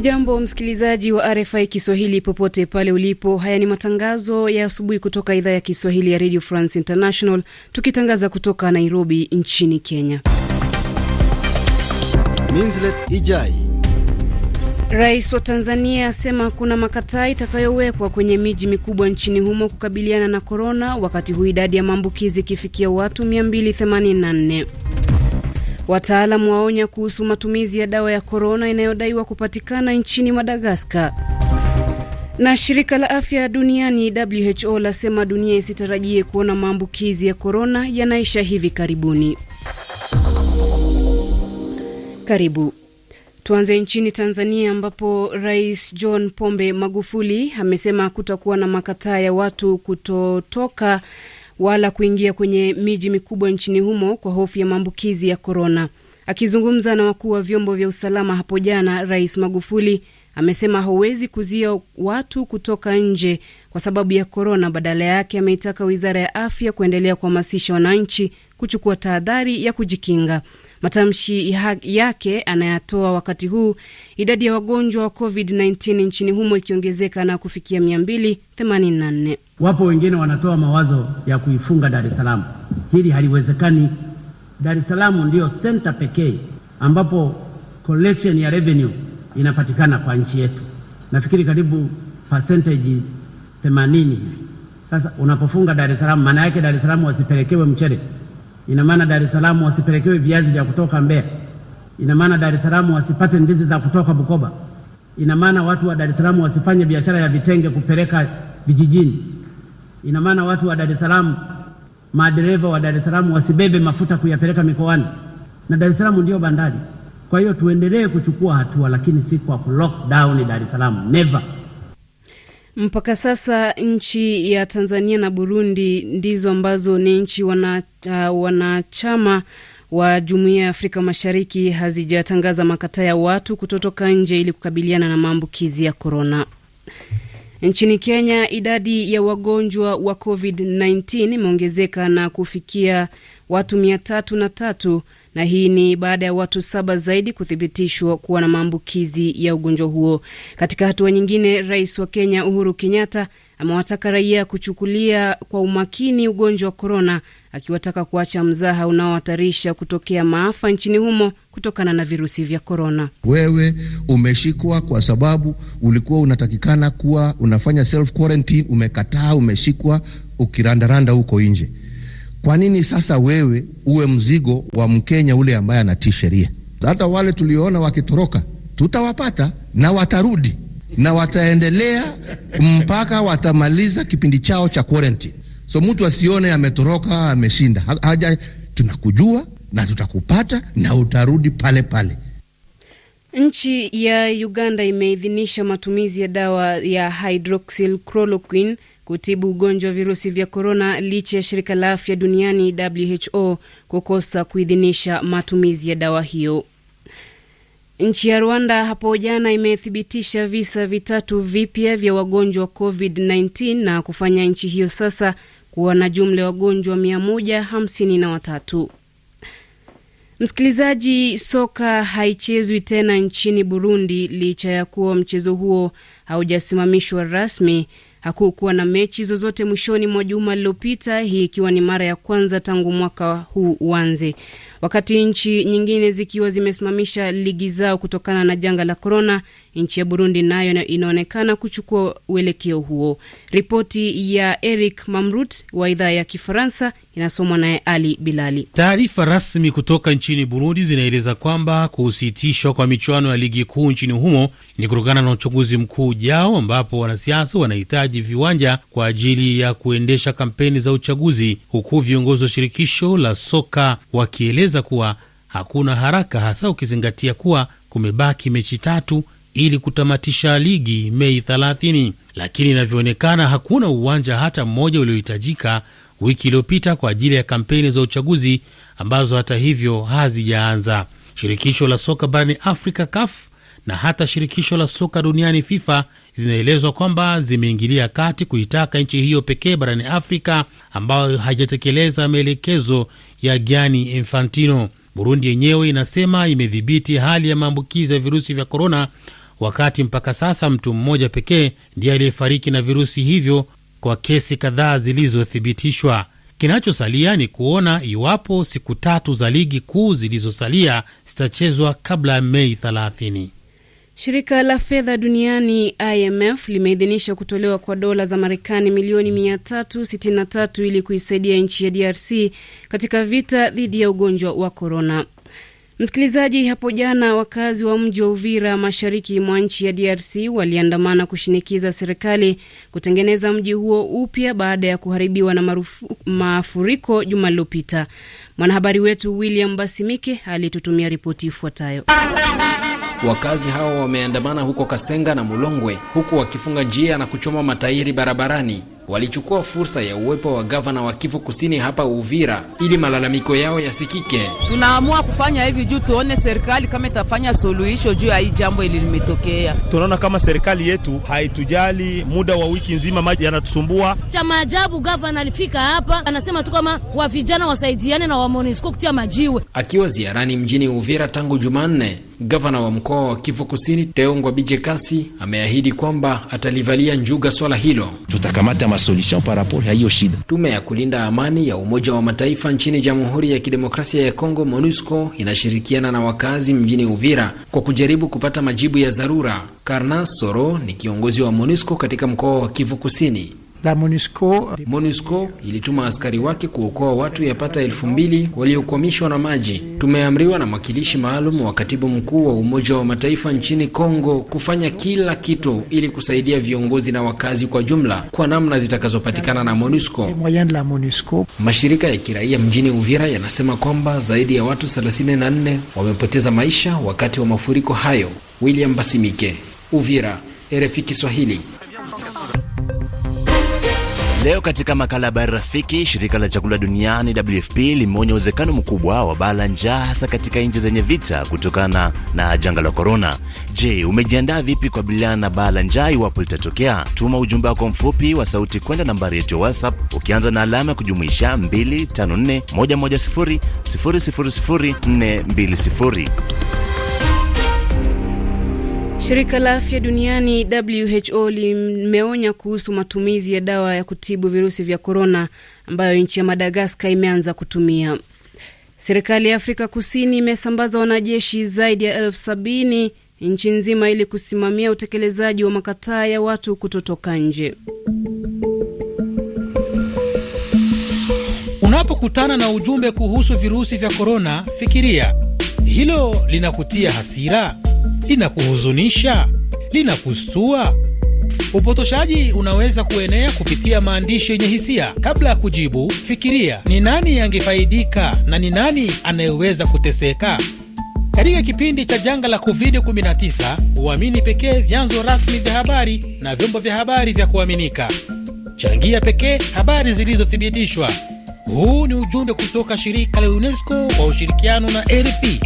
Hujambo msikilizaji wa RFI Kiswahili popote pale ulipo. Haya ni matangazo ya asubuhi kutoka idhaa ya Kiswahili ya Radio France International, tukitangaza kutoka Nairobi nchini Kenya. Minslet Ijai. Rais wa Tanzania asema kuna makataa itakayowekwa kwenye miji mikubwa nchini humo kukabiliana na korona, wakati huu idadi ya maambukizi ikifikia watu 284 wataalam waonya kuhusu matumizi ya dawa ya korona inayodaiwa kupatikana nchini Madagaskar. Na shirika la afya duniani WHO lasema dunia isitarajie kuona maambukizi ya korona yanaisha hivi karibuni. Karibu. Tuanze nchini Tanzania ambapo Rais John Pombe Magufuli amesema kutakuwa na makataa ya watu kutotoka wala kuingia kwenye miji mikubwa nchini humo kwa hofu ya maambukizi ya korona. Akizungumza na wakuu wa vyombo vya usalama hapo jana, Rais Magufuli amesema hauwezi kuzuia watu kutoka nje kwa sababu ya korona. Badala yake, ameitaka wizara ya afya kuendelea kuhamasisha wananchi kuchukua tahadhari ya kujikinga. Matamshi yake anayatoa wakati huu idadi ya wagonjwa wa COVID-19 nchini humo ikiongezeka na kufikia 284. Wapo wengine wanatoa mawazo ya kuifunga Dar es Salaam. Hili haliwezekani. Dar es Salaam ndiyo senta pekee ambapo collection ya revenue inapatikana kwa nchi yetu, nafikiri karibu percentage 80 hivi. Sasa unapofunga Dar es Salaam, maana yake Dar es Salaam wasipelekewe mchele, ina maana Dar es Salaam wasipelekewe viazi vya kutoka Mbeya, ina maana Dar es Salaam wasipate ndizi za kutoka Bukoba, ina maana watu wa Dar es Salaam wasifanye biashara ya vitenge kupeleka vijijini. Ina maana watu wa Dar es Salaam, madereva wa Dar es Salaam wasibebe mafuta kuyapeleka mikoani, na Dar es Salaam ndio bandari. Kwa hiyo tuendelee kuchukua hatua, lakini si kwa lockdown Dar es Salaam, never. Mpaka sasa nchi ya Tanzania na Burundi ndizo ambazo ni nchi wana, uh, wanachama wa jumuiya ya Afrika Mashariki hazijatangaza makataa ya watu kutotoka nje ili kukabiliana na maambukizi ya korona. Nchini Kenya, idadi ya wagonjwa wa COVID-19 imeongezeka na kufikia watu mia tatu na tatu, na hii ni baada ya watu saba zaidi kuthibitishwa kuwa na maambukizi ya ugonjwa huo. Katika hatua nyingine, rais wa Kenya Uhuru Kenyatta amewataka raia kuchukulia kwa umakini ugonjwa wa korona akiwataka kuacha mzaha unaohatarisha kutokea maafa nchini humo kutokana na virusi vya korona. Wewe umeshikwa kwa sababu ulikuwa unatakikana kuwa unafanya self quarantine, umekataa, umeshikwa ukirandaranda huko nje. Kwa nini sasa wewe uwe mzigo wa Mkenya ule ambaye anatii sheria? Hata wale tulioona wakitoroka tutawapata na watarudi na wataendelea mpaka watamaliza kipindi chao cha quarantine. So mtu asione ametoroka ameshinda, haja tunakujua na tutakupata na utarudi pale pale. Nchi ya Uganda imeidhinisha matumizi ya dawa ya hydroxychloroquine kutibu ugonjwa wa virusi vya korona licha ya shirika la afya duniani WHO kukosa kuidhinisha matumizi ya dawa hiyo. Nchi ya Rwanda hapo jana imethibitisha visa vitatu vipya vya wagonjwa wa COVID-19 na kufanya nchi hiyo sasa kuwa na jumla ya wagonjwa 153. Msikilizaji, soka haichezwi tena nchini Burundi licha ya kuwa mchezo huo haujasimamishwa rasmi. Hakukuwa na mechi zozote mwishoni mwa juma lililopita, hii ikiwa ni mara ya kwanza tangu mwaka huu uanze. Wakati nchi nyingine zikiwa zimesimamisha ligi zao kutokana na janga la korona, nchi ya Burundi nayo inaonekana kuchukua uelekeo huo. Ripoti ya Eric Mamrut wa idhaa ya Kifaransa inasomwa naye Ali Bilali. Taarifa rasmi kutoka nchini Burundi zinaeleza kwamba kusitishwa kwa michuano ya ligi kuu nchini humo ni kutokana na uchaguzi mkuu ujao, ambapo wanasiasa wanahitaji viwanja kwa ajili ya kuendesha kampeni za uchaguzi, huku viongozi wa shirikisho la soka wakieleza ameongeza kuwa hakuna haraka, hasa ukizingatia kuwa kumebaki mechi tatu ili kutamatisha ligi Mei 30, lakini inavyoonekana hakuna uwanja hata mmoja uliohitajika wiki iliyopita kwa ajili ya kampeni za uchaguzi ambazo hata hivyo hazijaanza. Shirikisho la soka barani Afrika CAF na hata shirikisho la soka duniani FIFA zinaelezwa kwamba zimeingilia kati kuitaka nchi hiyo pekee barani Afrika ambayo haijatekeleza maelekezo ya Gianni Infantino. Burundi yenyewe inasema imedhibiti hali ya maambukizi ya virusi vya korona, wakati mpaka sasa mtu mmoja pekee ndiye aliyefariki na virusi hivyo kwa kesi kadhaa zilizothibitishwa. Kinachosalia ni kuona iwapo siku tatu za ligi kuu zilizosalia zitachezwa kabla ya Mei 30. Shirika la fedha duniani IMF limeidhinisha kutolewa kwa dola za Marekani milioni 363 ili kuisaidia nchi ya DRC katika vita dhidi ya ugonjwa wa korona. Msikilizaji, hapo jana wakazi wa mji wa Uvira mashariki mwa nchi ya DRC waliandamana kushinikiza serikali kutengeneza mji huo upya baada ya kuharibiwa na marufu, mafuriko juma lililopita. Mwanahabari wetu William Basimike alitutumia ripoti ifuatayo. Wakazi hao wameandamana huko Kasenga na Mulongwe, huku wakifunga njia na kuchoma matairi barabarani walichukua fursa ya uwepo wa gavana wa Kivu Kusini hapa Uvira ili malalamiko yao yasikike. Tunaamua kufanya hivi juu tuone serikali kama itafanya suluhisho juu ya hii jambo ili limetokea. Tunaona kama serikali yetu haitujali, muda wa wiki nzima maji yanatusumbua. Cha maajabu, gavana alifika hapa anasema tu kama wa vijana wasaidiane na wa kutia majiwe. Akiwa ziarani mjini Uvira tangu Jumanne, Gavana wa mkoa wa Kivu Kusini Teongwa Bijekasi ameahidi kwamba atalivalia njuga swala hilo. Tutakamata solution par rapport ya hiyo shida. Tume ya kulinda amani ya Umoja wa Mataifa nchini Jamhuri ya Kidemokrasia ya Kongo, MONUSCO, inashirikiana na wakazi mjini Uvira kwa kujaribu kupata majibu ya dharura. Karna Soro ni kiongozi wa MONUSCO katika mkoa wa Kivu Kusini la MONUSCO. MONUSCO ilituma askari wake kuokoa watu yapata elfu mbili waliokwamishwa na maji. Tumeamriwa na mwakilishi maalum wa katibu mkuu wa Umoja wa Mataifa nchini Kongo kufanya kila kitu ili kusaidia viongozi na wakazi kwa jumla kwa namna zitakazopatikana na MONUSCO. Mashirika ya kiraia mjini Uvira yanasema kwamba zaidi ya watu 34 wamepoteza maisha wakati wa mafuriko hayo. William Basimike, Uvira, RFI Kiswahili. Leo katika makala ya Habari Rafiki, shirika la chakula duniani WFP limeonya uwezekano mkubwa wa baa la njaa hasa katika nchi zenye vita kutokana na janga la korona. Je, umejiandaa vipi kukabiliana na baa la njaa iwapo litatokea? Tuma ujumbe wako mfupi wa sauti kwenda nambari yetu ya WhatsApp ukianza na alama ya kujumuisha 254 Shirika la afya duniani WHO limeonya kuhusu matumizi ya dawa ya kutibu virusi vya korona ambayo nchi ya Madagaskar imeanza kutumia. Serikali ya Afrika Kusini imesambaza wanajeshi zaidi ya elfu sabini nchi nzima ili kusimamia utekelezaji wa makataa ya watu kutotoka nje. Unapokutana na ujumbe kuhusu virusi vya korona, fikiria hilo linakutia hasira linakuhuzunisha, linakustua? Upotoshaji unaweza kuenea kupitia maandishi yenye hisia. Kabla ya kujibu, fikiria ni nani angefaidika na ni nani anayeweza kuteseka. Katika kipindi cha janga la COVID-19, uamini pekee vyanzo rasmi vya habari na vyombo vya habari vya kuaminika. Changia pekee habari zilizothibitishwa. Huu ni ujumbe kutoka shirika la UNESCO kwa ushirikiano na RFI.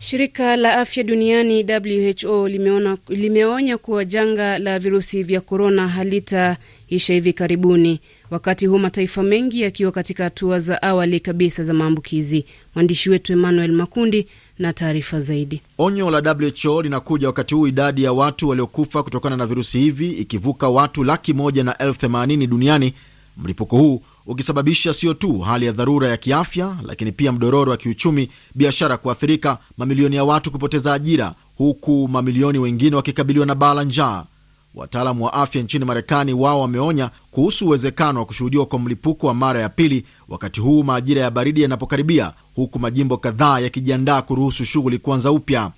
Shirika la afya duniani WHO limeona, limeonya kuwa janga la virusi vya korona halitaisha hivi karibuni, wakati huu mataifa mengi yakiwa katika hatua za awali kabisa za maambukizi. Mwandishi wetu Emmanuel Makundi na taarifa zaidi. Onyo la WHO linakuja wakati huu idadi ya watu waliokufa kutokana na virusi hivi ikivuka watu laki moja na elfu themanini duniani, mlipuko huu ukisababisha sio tu hali ya dharura ya kiafya, lakini pia mdororo wa kiuchumi, biashara kuathirika, mamilioni ya watu kupoteza ajira, huku mamilioni wengine wakikabiliwa na baa la njaa. Wataalamu wa afya nchini Marekani wao wameonya kuhusu uwezekano wa kushuhudiwa kwa mlipuko wa mara ya pili, wakati huu majira ya baridi yanapokaribia, huku majimbo kadhaa yakijiandaa kuruhusu shughuli kuanza upya.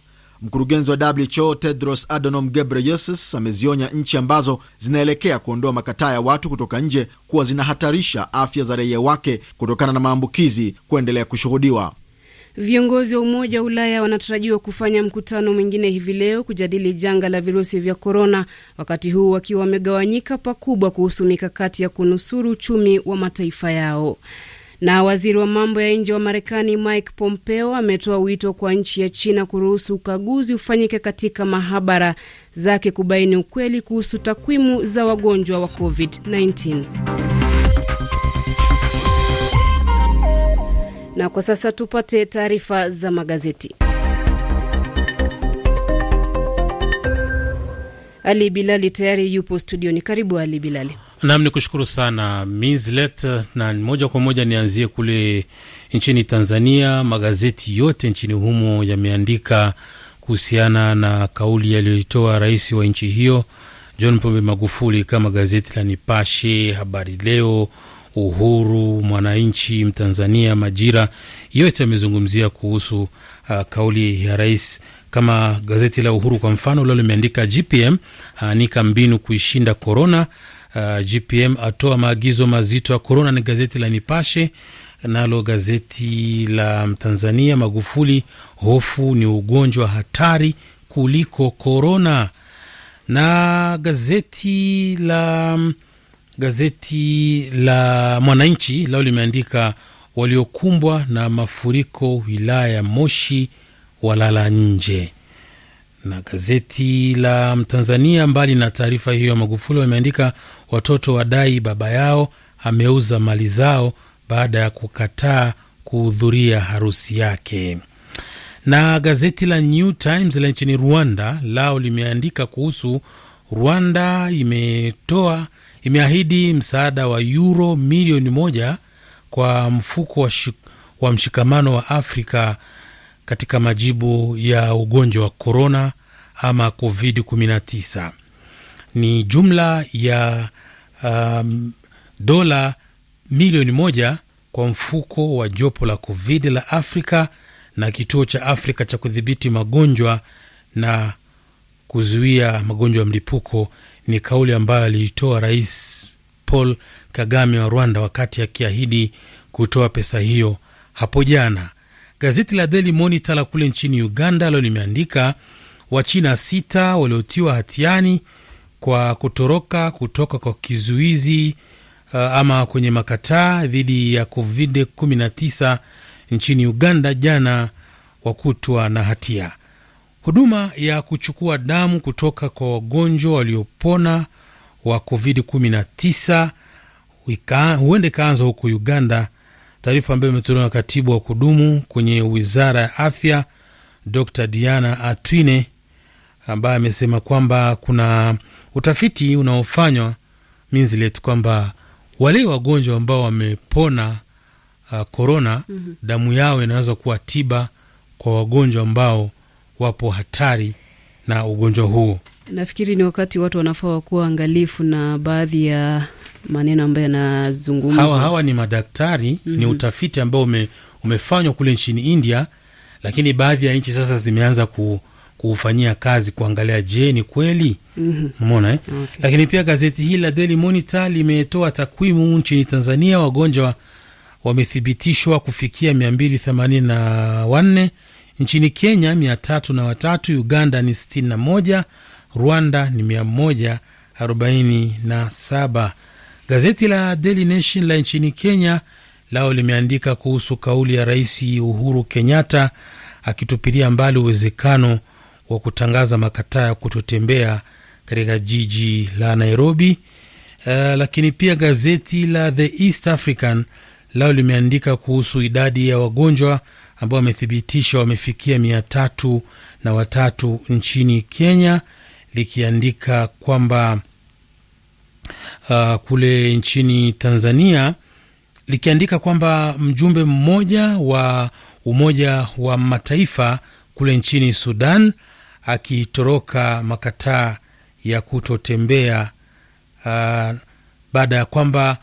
Mkurugenzi wa WHO Tedros Adhanom Ghebreyesus amezionya nchi ambazo zinaelekea kuondoa makataa ya watu kutoka nje kuwa zinahatarisha afya za raia wake kutokana na maambukizi kuendelea kushuhudiwa. Viongozi wa Umoja wa Ulaya wanatarajiwa kufanya mkutano mwingine hivi leo kujadili janga la virusi vya korona, wakati huu wakiwa wamegawanyika pakubwa kuhusu mikakati ya kunusuru uchumi wa mataifa yao. Na waziri wa mambo ya nje wa Marekani Mike Pompeo ametoa wito kwa nchi ya China kuruhusu ukaguzi ufanyike katika mahabara zake kubaini ukweli kuhusu takwimu za wagonjwa wa COVID-19. Na kwa sasa tupate taarifa za magazeti. Ali Bilali tayari yupo studioni. Karibu Ali Bilali. Nam ni kushukuru sana Minslet, na moja kwa moja nianzie kule nchini Tanzania. Magazeti yote nchini humo yameandika kuhusiana na kauli aliyoitoa rais wa nchi hiyo John Pombe Magufuli, kama gazeti la Nipashe, Habari Leo, Uhuru, Mwananchi, Mtanzania, Majira yote yamezungumzia kuhusu uh, kauli ya rais kama gazeti la Uhuru kwa mfano lao limeandika GPM aanika uh, mbinu kuishinda korona uh, GPM atoa maagizo mazito ya korona, ni gazeti la Nipashe. Nalo gazeti la Tanzania, Magufuli, hofu ni ugonjwa hatari kuliko korona. Na gazeti la gazeti la Mwananchi lao limeandika waliokumbwa na mafuriko wilaya ya Moshi walala nje. Na gazeti la Mtanzania, mbali na taarifa hiyo ya Magufuli, wameandika Watoto wadai baba yao ameuza mali zao baada ya kukataa kuhudhuria harusi yake. Na gazeti la New Times la nchini Rwanda lao limeandika kuhusu Rwanda imetoa imeahidi msaada wa yuro milioni moja kwa mfuko wa, shik, wa mshikamano wa Afrika katika majibu ya ugonjwa wa korona ama COVID-19 ni jumla ya um, dola milioni moja kwa mfuko wa jopo la Covid la Afrika na kituo cha Afrika cha kudhibiti magonjwa na kuzuia magonjwa ya mlipuko. Ni kauli ambayo aliitoa Rais Paul Kagame wa Rwanda wakati akiahidi kutoa pesa hiyo hapo jana. Gazeti la Daily Monitor la kule nchini Uganda lo limeandika Wachina sita waliotiwa hatiani kwa kutoroka kutoka kwa kizuizi uh, ama kwenye makataa dhidi ya Covid 19 nchini Uganda jana wakutwa na hatia. Huduma ya kuchukua damu kutoka kwa wagonjwa waliopona wa Covid-19 huenda ikaanza huku Uganda, taarifa ambayo imetolewa na katibu wa kudumu kwenye wizara ya afya Dr Diana Atwine ambaye amesema kwamba kuna utafiti unaofanywa Minzilet kwamba wale wagonjwa ambao wamepona korona uh, mm -hmm. damu yao inaweza kuwa tiba kwa wagonjwa ambao wapo hatari na ugonjwa huo. Nafikiri ni wakati watu wanafaa wakuwa angalifu na baadhi ya maneno ambayo yanazungumzwa. Hawa, hawa ni madaktari mm -hmm. ni mhm. utafiti ambao ume, umefanywa kule nchini India, lakini baadhi ya nchi sasa zimeanza ku, kuufanyia kazi kuangalia, je, ni kweli mhm. umeona mm -hmm. eh? Okay. Lakini pia gazeti hili la Daily Monitor limetoa takwimu nchini Tanzania, wagonjwa wamethibitishwa kufikia 284 nchini Kenya mia tatu na watatu, Uganda ni 61, Rwanda ni 147. Gazeti la Daily Nation la nchini Kenya lao limeandika kuhusu kauli ya Rais Uhuru Kenyatta akitupilia mbali uwezekano wa kutangaza makataa ya kutotembea katika jiji la Nairobi. Uh, lakini pia gazeti la The East African lao limeandika kuhusu idadi ya wagonjwa ambao wamethibitisha wamefikia mia tatu na watatu nchini Kenya, likiandika kwamba uh, kule nchini Tanzania likiandika kwamba mjumbe mmoja wa Umoja wa Mataifa kule nchini Sudan akitoroka makataa ya kutotembea uh, baada ya kwamba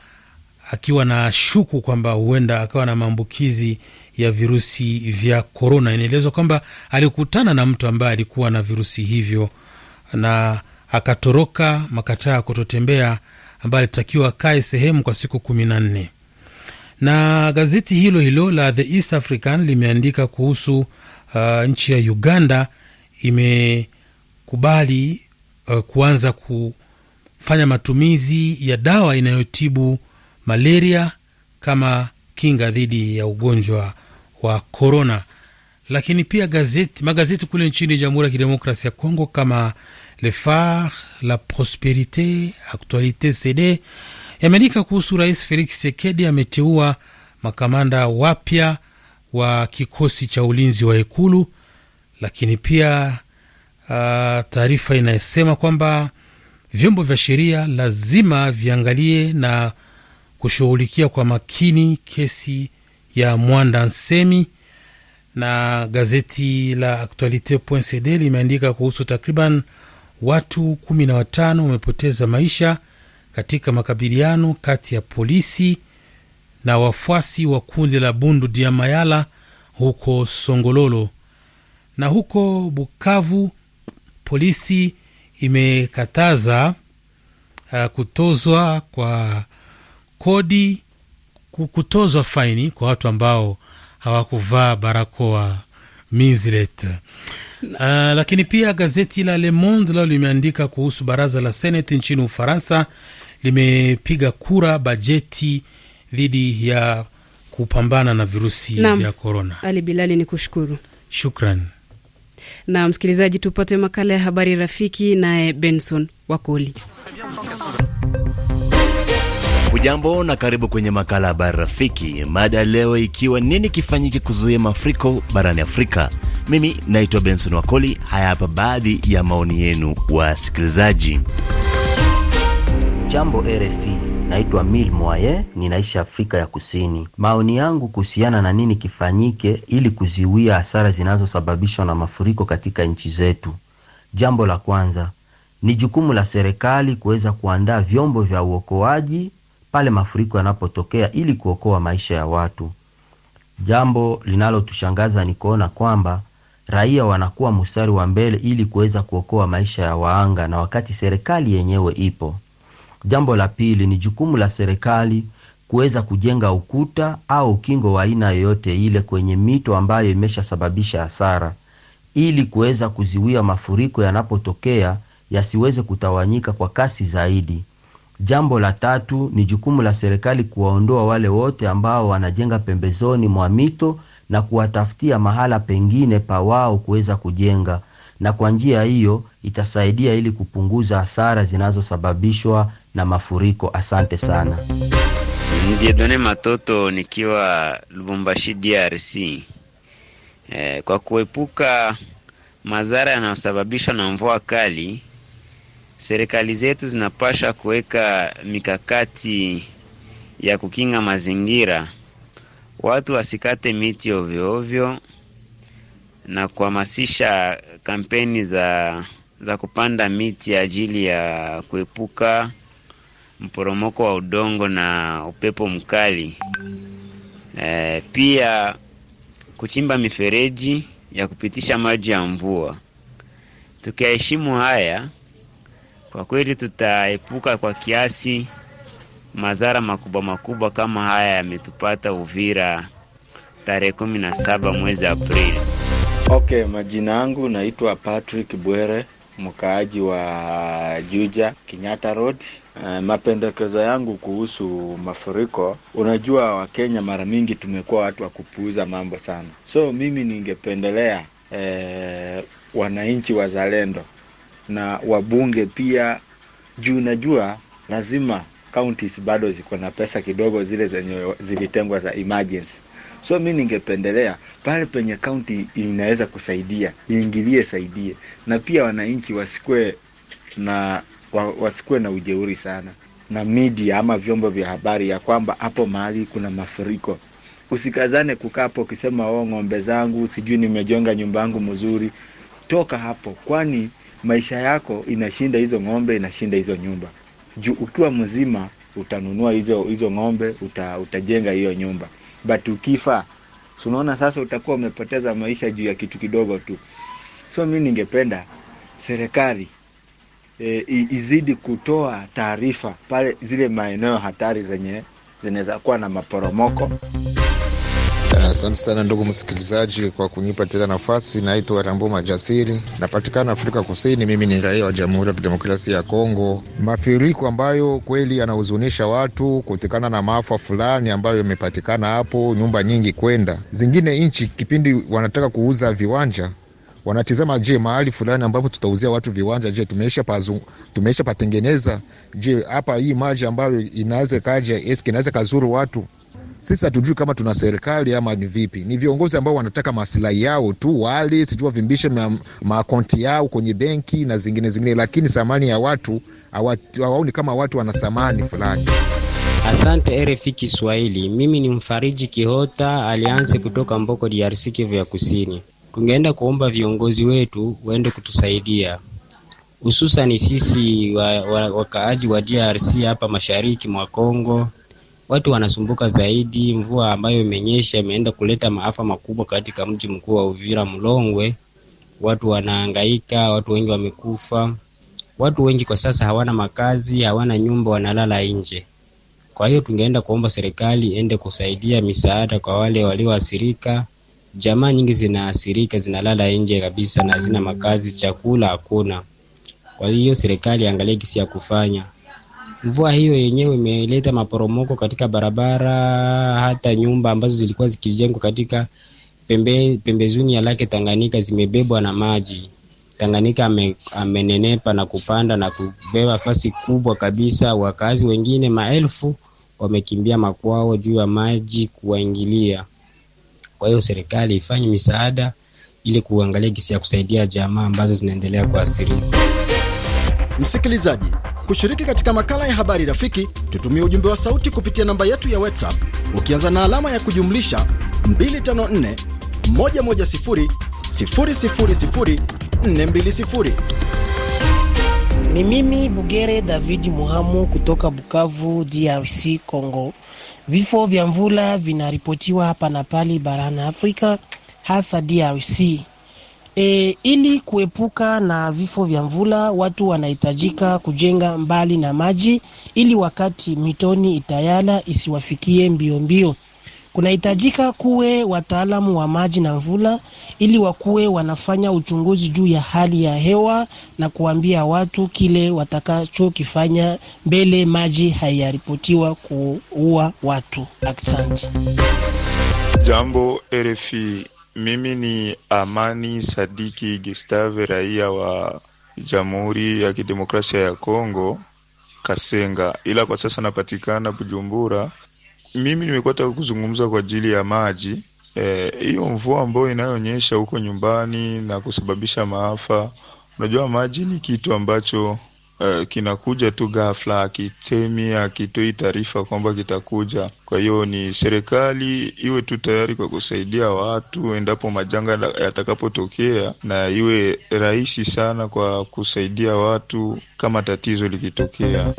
akiwa na shuku kwamba huenda akawa na maambukizi ya virusi vya korona. Inaelezwa kwamba alikutana na mtu ambaye alikuwa na virusi hivyo na akatoroka makataa kutotembea, ambaye alitakiwa kae sehemu kwa siku kumi na nne. Na gazeti hilo hilo la The East African limeandika kuhusu uh, nchi ya Uganda imekubali uh, kuanza kufanya matumizi ya dawa inayotibu malaria kama kinga dhidi ya ugonjwa wa korona. Lakini pia gazeti, magazeti kule nchini Jamhuri ya Kidemokrasi ya Kongo kama Le Phare, La Prosperite, Actualite CD yameandika kuhusu Rais Felix Tshisekedi ameteua makamanda wapya wa kikosi cha ulinzi wa ikulu lakini pia uh, taarifa inayosema kwamba vyombo vya sheria lazima viangalie na kushughulikia kwa makini kesi ya Mwanda Nsemi na gazeti la Actualite CD limeandika kuhusu takriban watu kumi na watano wamepoteza maisha katika makabiliano kati ya polisi na wafuasi wa kundi la Bundu Diamayala huko Songololo na huko Bukavu polisi imekataza uh, kutozwa kwa kodi, kutozwa faini kwa watu ambao hawakuvaa barakoa minslet Uh, lakini pia gazeti la Le Monde lao limeandika kuhusu baraza la seneti nchini Ufaransa limepiga kura bajeti dhidi ya kupambana na virusi vya korona. Ali Bilali, ni kushukuru, shukran. Na msikilizaji, tupate makala ya habari rafiki, naye Benson Wakoli. Hujambo na karibu kwenye makala ya habari rafiki, mada leo ikiwa nini kifanyike kuzuia mafuriko barani Afrika. Mimi naitwa Benson Wakoli. Haya hapa baadhi ya maoni yenu wasikilizaji. Jambo RFI. Naitwa Mil Mwaye, ninaishi Afrika ya Kusini. Maoni yangu kuhusiana na nini kifanyike ili kuziwia hasara zinazosababishwa na mafuriko katika nchi zetu. Jambo la kwanza ni jukumu la serikali kuweza kuandaa vyombo vya uokoaji pale mafuriko yanapotokea ili kuokoa maisha ya watu. Jambo linalotushangaza ni kuona kwamba raia wanakuwa mstari wa mbele ili kuweza kuokoa maisha ya waanga na wakati serikali yenyewe ipo. Jambo la pili ni jukumu la serikali kuweza kujenga ukuta au ukingo wa aina yoyote ile kwenye mito ambayo imeshasababisha hasara ili kuweza kuziwia mafuriko yanapotokea yasiweze kutawanyika kwa kasi zaidi. Jambo la tatu ni jukumu la serikali kuwaondoa wale wote ambao wanajenga pembezoni mwa mito na kuwatafutia mahala pengine pa wao kuweza kujenga, na kwa njia hiyo itasaidia ili kupunguza hasara zinazosababishwa na mafuriko. Asante sana. Ndiedone Matoto nikiwa Lubumbashi, DRC. E, eh, kwa kuepuka madhara yanayosababishwa na mvua kali, serikali zetu zinapasha kuweka mikakati ya kukinga mazingira, watu wasikate miti ovyo ovyo, na kuhamasisha kampeni za, za kupanda miti ajili ya kuepuka mporomoko wa udongo na upepo mkali. E, pia kuchimba mifereji ya kupitisha maji ya mvua. Tukiheshimu haya, kwa kweli tutaepuka kwa kiasi madhara makubwa makubwa kama haya yametupata Uvira tarehe kumi na saba mwezi Aprili. Okay, majina yangu naitwa Patrick Bwere, mkaaji wa Juja Kinyatta Road. Eh, mapendekezo yangu kuhusu mafuriko, unajua Wakenya mara mingi tumekuwa watu wa kupuuza mambo sana, so mimi ningependelea eh, wananchi wazalendo na wabunge pia, juu najua lazima counties bado ziko na pesa kidogo, zile zenye zilitengwa za emergency. So mi ningependelea pale penye county inaweza kusaidia iingilie, saidie, na pia wananchi wasikwe na wasikuwe na ujeuri sana na mdia ama vyombo vya habari ya kwamba hapo mahali kuna mafuriko. Usikazane kukaa hapo ukisema oh, ng'ombe zangu sijui nimejonga nyumba yangu mzuri. Toka hapo, kwani maisha yako inashinda hizo ng'ombe, inashinda hizo nyumba. Juu ukiwa mzima utanunua hizo hizo ng'ombe, uta, utajenga hiyo nyumba, but ukifa, unaona sasa utakuwa umepoteza maisha juu ya kitu kidogo tu. So mi ningependa serikali e, izidi kutoa taarifa pale zile maeneo hatari zenye zinaweza kuwa na maporomoko. Asante sana ndugu msikilizaji kwa kunipa tena nafasi. Naitwa Rambo Majasiri, napatikana Afrika Kusini. Mimi ni raia wa Jamhuri ya Kidemokrasia ya Kongo. Mafuriko ambayo kweli yanahuzunisha watu kutokana na maafa fulani ambayo yamepatikana hapo, nyumba nyingi kwenda zingine nchi, kipindi wanataka kuuza viwanja wanatizama, je, mahali fulani ambapo tutauzia watu viwanja, je, tumeisha pazu, tumeisha patengeneza? Je, hapa hii maji ambayo inaweza kaja eski inaweza kazuru watu? Sisi hatujui kama tuna serikali ama ni vipi. Ni viongozi ambao wanataka maslahi yao tu, wali sijui wavimbishe maakaunti ma yao kwenye benki na zingine zingine, lakini thamani ya watu hawaoni kama watu wana thamani fulani. Asante RFI Kiswahili, mimi ni Mfariji Kihota alianze kutoka Mboko, DRC, Kivu ya Kusini tungeenda kuomba viongozi wetu waende kutusaidia hususani sisi wa, wa, wakaaji wa DRC hapa mashariki mwa Kongo, watu wanasumbuka zaidi. Mvua ambayo imenyesha imeenda kuleta maafa makubwa katika mji mkuu wa Uvira Mlongwe. Watu wanaangaika watu wengi wamekufa, watu wengi kwa sasa hawana makazi, hawana nyumba, wanalala nje. Kwa hiyo tungeenda kuomba serikali ende kusaidia misaada kwa wale walioathirika Jamaa nyingi zinaasirika zinalala nje kabisa na zina makazi, chakula hakuna. Kwa hiyo serikali angalie kisi ya kufanya. Mvua hiyo yenyewe imeleta maporomoko katika barabara, hata nyumba ambazo zilikuwa zikijengwa katika pembe, pembezuni ya lake Tanganyika zimebebwa na maji. Tanganyika ame, amenenepa na kupanda na kubeba fasi kubwa kabisa. Wakazi wengine maelfu wamekimbia makwao juu ya maji kuwaingilia. Kwa hiyo serikali ifanye misaada ili kuangalia kisi ya kusaidia jamaa ambazo zinaendelea kuathirika. Msikilizaji, kushiriki katika makala ya habari rafiki, tutumie ujumbe wa sauti kupitia namba yetu ya WhatsApp ukianza na alama ya kujumlisha 254 110 000 420. Ni mimi Bugere David Muhamu kutoka Bukavu, DRC Congo. Vifo vya mvula vinaripotiwa hapa na pale barani Afrika, hasa DRC. E, ili kuepuka na vifo vya mvula, watu wanahitajika kujenga mbali na maji ili wakati mitoni itayala isiwafikie mbio mbio kunahitajika kuwe wataalamu wa maji na mvula ili wakuwe wanafanya uchunguzi juu ya hali ya hewa na kuambia watu kile watakachokifanya mbele maji hayaripotiwa kuua watu. Aksanti. Jambo RFI, mimi ni Amani Sadiki Gustave, raia wa Jamhuri ya Kidemokrasia ya Kongo, Kasenga, ila kwa sasa napatikana Bujumbura mimi nimekuwa taka kuzungumza kwa ajili ya maji eh, hiyo e, mvua ambayo inayonyesha huko nyumbani na kusababisha maafa. Unajua, maji ni kitu ambacho Uh, kinakuja tu ghafla, akitemi akitoi taarifa kwamba kitakuja. Kwa hiyo ni serikali iwe tu tayari kwa kusaidia watu endapo majanga yatakapotokea, na iwe rahisi sana kwa kusaidia watu kama tatizo likitokea.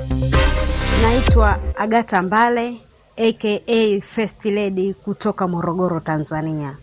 Naitwa Agata Mbale aka First Lady kutoka Morogoro, Tanzania.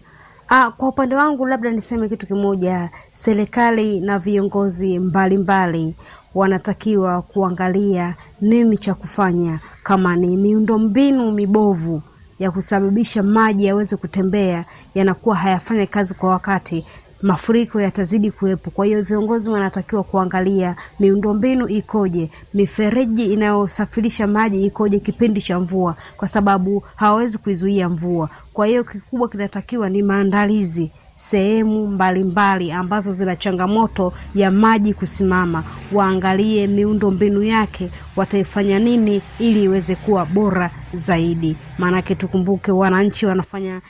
Ah, kwa upande wangu labda niseme kitu kimoja, serikali na viongozi mbalimbali mbali wanatakiwa kuangalia nini cha kufanya, kama ni miundombinu mibovu ya kusababisha maji yaweze kutembea yanakuwa hayafanya kazi kwa wakati, mafuriko yatazidi kuwepo. Kwa hiyo viongozi wanatakiwa kuangalia miundombinu ikoje, mifereji inayosafirisha maji ikoje kipindi cha mvua, kwa sababu hawawezi kuizuia mvua. Kwa hiyo kikubwa kinatakiwa ni maandalizi sehemu mbalimbali ambazo zina changamoto ya maji kusimama, waangalie miundo mbinu yake, wataifanya nini ili iweze kuwa bora zaidi. Maanake tukumbuke, wananchi wanafanya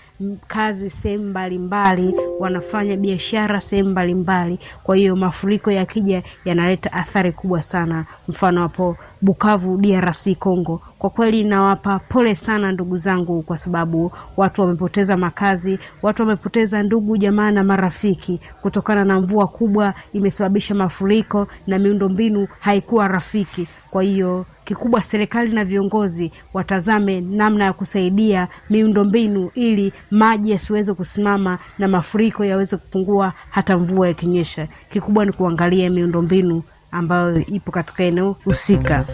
kazi sehemu mbalimbali, wanafanya biashara sehemu mbalimbali. Kwa hiyo mafuriko yakija yanaleta athari kubwa sana, mfano hapo Bukavu, DRC Congo. Kwa kweli nawapa pole sana ndugu zangu, kwa sababu watu wamepoteza makazi, watu wamepoteza ndugu ndugu jamaa na marafiki kutokana na mvua kubwa imesababisha mafuriko na miundombinu haikuwa rafiki. Kwa hiyo kikubwa, serikali na viongozi watazame namna ya kusaidia miundombinu ili maji yasiweze kusimama na mafuriko yaweze kupungua hata mvua yakinyesha Kikubwa ni kuangalia miundombinu ambayo ipo katika eneo husika.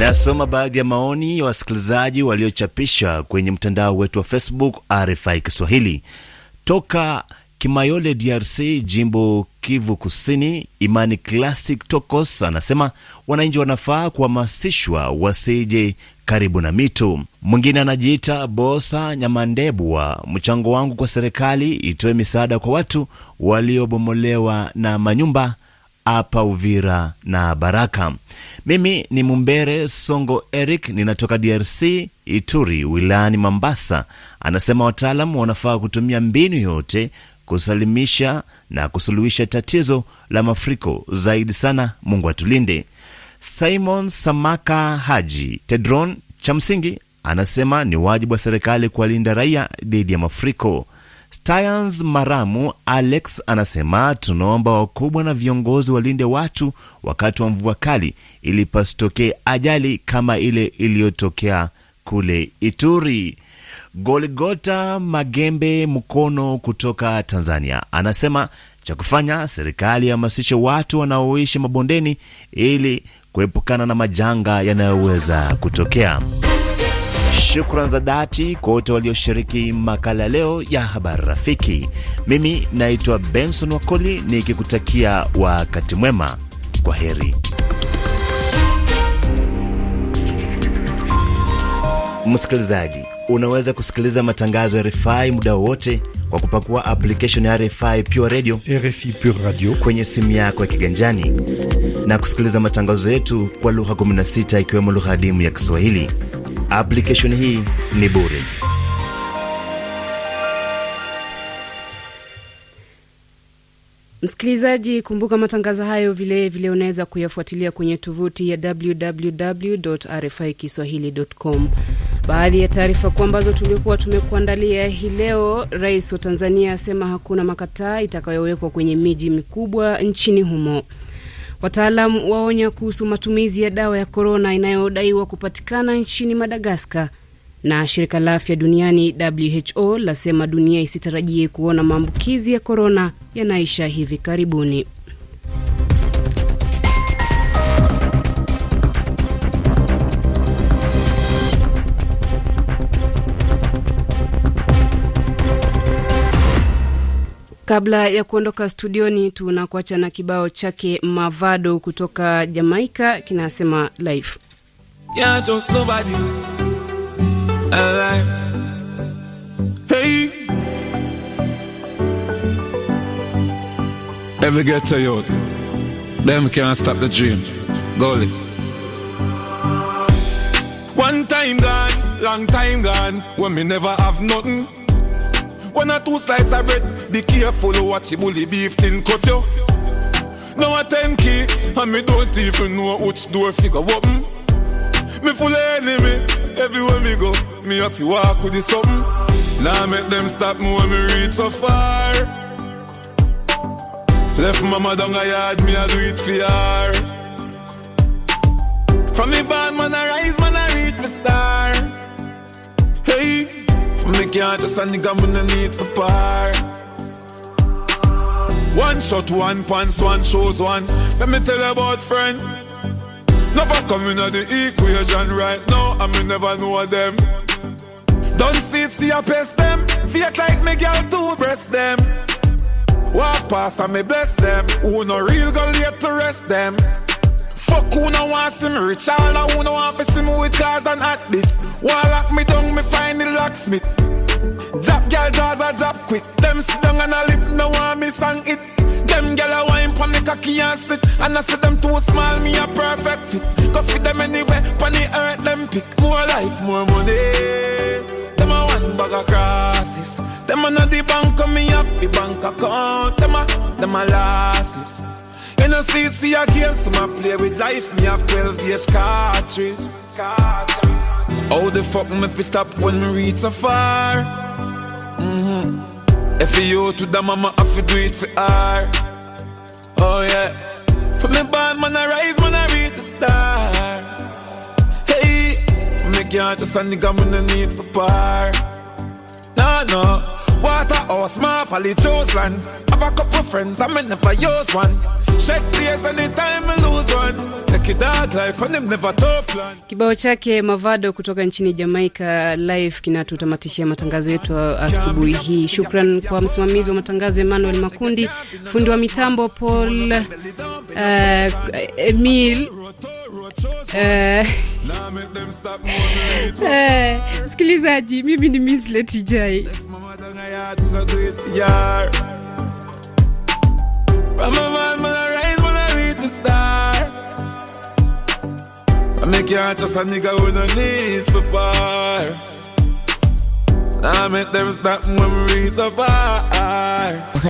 Nasoma baadhi ya maoni ya wasikilizaji waliochapishwa kwenye mtandao wetu wa Facebook RFI Kiswahili toka Kimayole, DRC, jimbo Kivu Kusini. Imani Classic Tokos anasema wananchi wanafaa kuhamasishwa wasije karibu na mito. Mwingine anajiita Bosa Nyamandebwa, mchango wangu kwa serikali itoe misaada kwa watu waliobomolewa na manyumba hapa Uvira na Baraka. Mimi ni Mumbere Songo Eric, ninatoka DRC, Ituri, wilayani Mambasa. Anasema wataalamu wanafaa kutumia mbinu yote kusalimisha na kusuluhisha tatizo la mafuriko zaidi sana. Mungu atulinde. Simon Samaka Haji Tedron, cha msingi anasema ni wajibu wa serikali kuwalinda raia dhidi ya mafuriko. Tyans Maramu Alex anasema tunaomba wakubwa na viongozi walinde watu wakati wa mvua kali, ili pasitokee ajali kama ile iliyotokea kule Ituri. goligota Magembe Mkono kutoka Tanzania anasema cha kufanya, serikali ihamasishe watu wanaoishi mabondeni ili kuepukana na majanga yanayoweza kutokea shukran za dhati kwa wote walioshiriki makala leo ya habari rafiki. Mimi naitwa Benson Wakoli nikikutakia wakati mwema. Kwa heri. Msikilizaji, unaweza kusikiliza matangazo ya rifai muda wowote kwa kupakua application ya RFI Pure Radio, RFI Pure Radio kwenye simu yako ya kiganjani na kusikiliza matangazo yetu kwa lugha 16 ikiwemo lugha adimu ya Kiswahili. Application hii ni bure. Msikilizaji, kumbuka matangazo hayo vilevile vile unaweza kuyafuatilia kwenye tovuti ya www RFI kiswahilicom. Baadhi ya taarifa kuu ambazo tuliokuwa tumekuandalia hii leo: Rais wa Tanzania asema hakuna makataa itakayowekwa kwenye miji mikubwa nchini humo. Wataalam waonya kuhusu matumizi ya dawa ya korona inayodaiwa kupatikana nchini Madagaskar, na shirika la afya duniani WHO lasema dunia isitarajie kuona maambukizi ya korona yanaisha hivi karibuni. Kabla ya kuondoka studioni, tunakuacha na kibao chake Mavado kutoka Jamaika kinasema life long time gone, when me never have nothing One or two slices of bread, be careful what you bully beef thin cut yo. Now a 10 key, and me don't even know which door figure open. Me full of enemy, everywhere me go, me have to walk with the something. Now make them stop me when me reach so far. Left mama down a yard, me a do it for her. From me bad man I rise, man I reach me star. Me can't just a nigga, when I need for fire. One shot, one pants, one shows one. Let me tell you about friend. Never coming out the equation right now, I me never know them. Don't see see I pest them. Fake like me girl to breast them. Walk past and me bless them. Who no real girl yet to rest them. Fuck who no want see me rich All who no want to see me with cars and hot bitch Wall lock me down, me find the locksmith Drop girl jaws a drop quick. Them sit down and a lip, no one me sang it. Them girl a wine pon the cocky and split. And I see them too small, me a perfect fit. Go fit them anywhere, pon the earth them pick. More life, more money. Them a one bag of crosses. Them a not the bank of me up, the bank account. Them a, them a losses. You know see, see a game, so I play with life. Me have 12 years cartridge. How the fuck me fit up when me reach so far? Mm-hmm. If you to the mama, I fi do it for her. Oh yeah. for me, bad man I rise, man I read the star. Hey, me can't just a nigga, me no need for par. Nah, no. Water or small valley chose one. Have a couple friends, I me never use one. Check place anytime I lose one. Kibao chake Mavado kutoka nchini Jamaika live kinatutamatishia matangazo yetu asubuhi hii. Shukran kwa msimamizi wa matangazo Emmanuel Makundi, fundi wa mitambo Paul uh, Emil uh, uh, msikilizaji, mimi ni Mislet I make you just a nigga who no need for bar. I make them stop when we reach the bar.